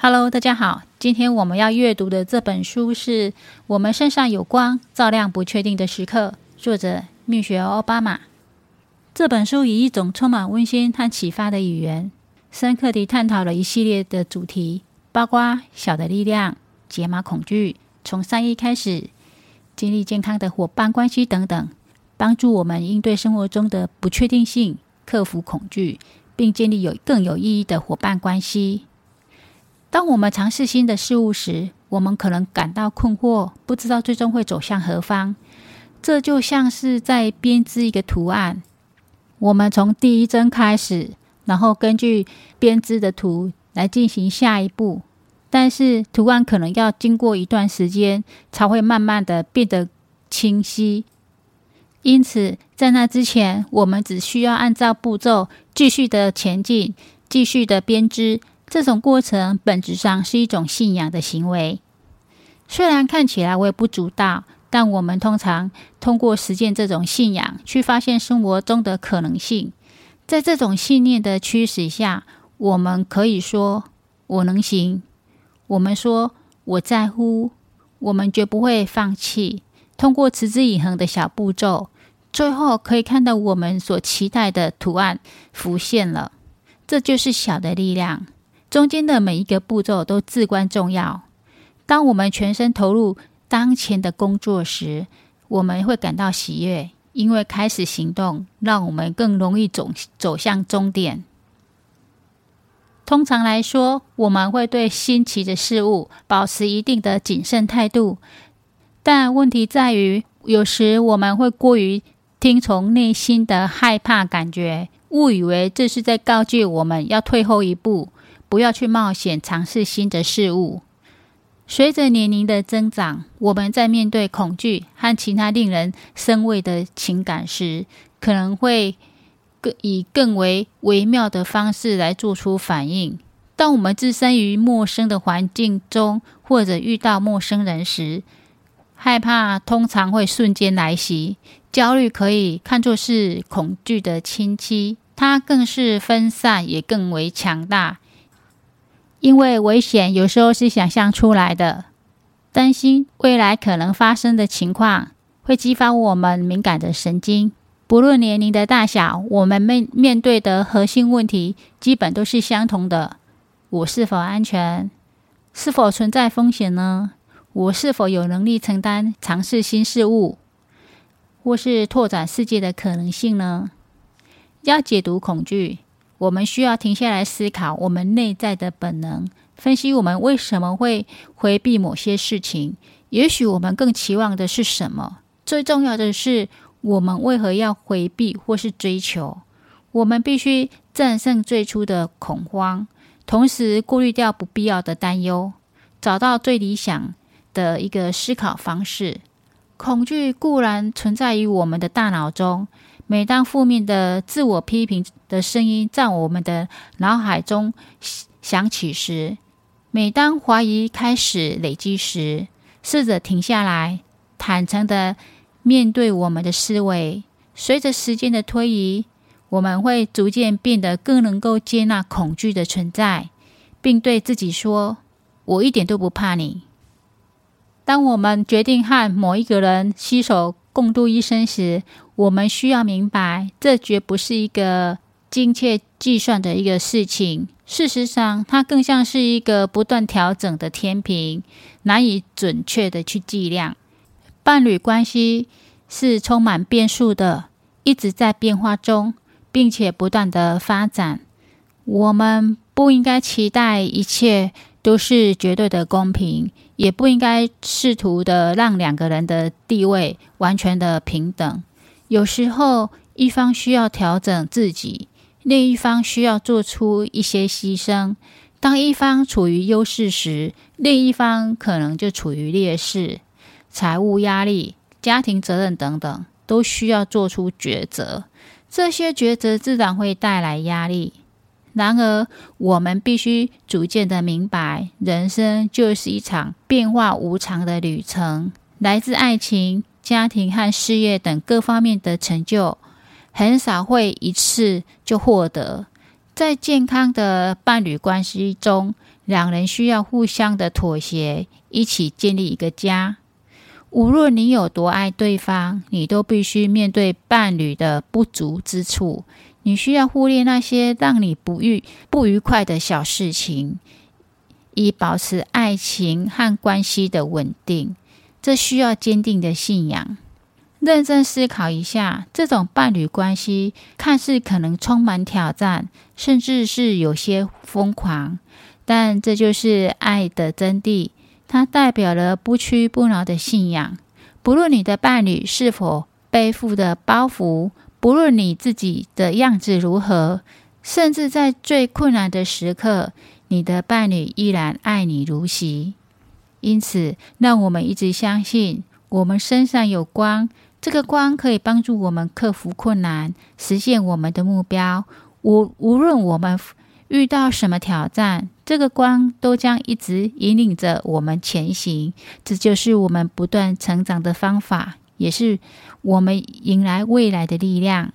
Hello，大家好。今天我們要閱讀的這本書是我們身上有光，照亮不確定的時刻，作者密雪奧巴馬。這本書以一種充滿溫馨和啟發的語言，深刻地探討了一系列的主題，包括小的力量、解碼恐懼、從善意開始、建立健康的夥伴關係等等，幫助我們應對生活中的不確定性，克服恐懼，並建立有更有意義的夥伴關係。當我們嘗試新的事物時，我們可能感到困惑，不知道最終會走向何方。這就像是在編織一個圖案，我們從第一針開始，然後根據編織的圖來進行下一步。但是圖案可能要經過一段時間，才會慢慢的變得清晰。因此，在那之前，我們只需要按照步驟繼續的前進，繼續的編織。這種過程本質上是一種信仰的行為，雖然看起來微不足道，但我們通常通過實踐這種信仰，去發現生活中的可能性。在這種信念的驅使下，我們可以說“我能行”，我們說“我在乎”，我們絕不會放棄。通過持之以恆的小步驟，最後可以看到我們所期待的圖案浮現了。這就是小的力量。中間的每一個步驟都至關重要。當我們全身投入當前的工作時，我們會感到喜悅，因為開始行動讓我們更容易走走向終點。通常來說，我們會對新奇的事物保持一定的謹慎態度，但問題在於，有時我們會過於聽從內心的害怕感覺，誤以為這是在告誡我們要退後一步，不要去冒險嘗試新的事物。隨着年齡的增長，我們在面對恐懼和其他令人生畏的情感時，可能會更以更為微妙的方式來做出反應。當我們置身於陌生的環境中，或者遇到陌生人時，害怕通常會瞬間來襲。焦慮可以看作是恐懼的親戚，它更是分散，也更為強大。因為危險有時候是想象出來的，擔心未來可能發生的情況會激發我們敏感的神經。不論年齡的大小，我們面面對的核心問題基本都是相同的。我是否安全？是否存在風險呢？我是否有能力承擔嘗試新事物？或是拓展世界的可能性呢？要解讀恐懼。我們需要停下來思考我們內在的本能，分析我們為什麼會回避某些事情。也許我們更期望的是什麼？最重要的是，我們為何要回避或是追求？我們必須戰勝最初的恐慌，同時過濾掉不必要的擔憂，找到最理想的一個思考方式。恐懼固然存在於我們的大腦中。每當負面的自我批評的聲音在我們的腦海中響起時，每當懷疑開始累積時，試着停下來，坦誠地面對我們的思維。隨着時間的推移，我們會逐漸變得更能夠接納恐懼的存在，並對自己說：“我一點都不怕你。”當我們決定和某一個人攜手，共度一生時，我們需要明白，這絕不是一個精確計算的一個事情。事實上，它更像是一個不斷調整的天平，難以準確的去計量。伴侶關係是充滿變數的，一直在變化中，並且不斷的發展。我們不應該期待一切。都是絕對的公平，也不應該試圖的讓兩個人的地位完全的平等。有時候，一方需要調整自己，另一方需要做出一些犧牲。當一方處於優勢時，另一方可能就處於劣勢。財務壓力、家庭責任等等，都需要做出抉擇。這些抉擇自然會帶來壓力。然而，我們必須逐漸的明白，人生就是一場變化無常的旅程。來自愛情、家庭和事業等各方面的成就，很少會一次就獲得。在健康的伴侶關係中，兩人需要互相的妥協，一起建立一個家。無論你有多愛對方，你都必須面對伴侶的不足之處。你需要忽略那些讓你不愉不愉快的小事情，以保持愛情和關係的穩定。這需要堅定的信仰。認真思考一下，這種伴侶關係看似可能充滿挑戰，甚至是有些瘋狂，但這就是愛的真諦。它代表了不屈不撓的信仰，不論你的伴侶是否背負的包袱。不論你自己的樣子如何，甚至在最困難的時刻，你的伴侶依然愛你如昔。因此，讓我們一直相信，我們身上有光，這個光可以幫助我們克服困難，實現我們的目標。無無論我們遇到什麼挑戰，這個光都將一直引領着我們前行，這就是我們不斷成長的方法，也是我們迎來未來的力量。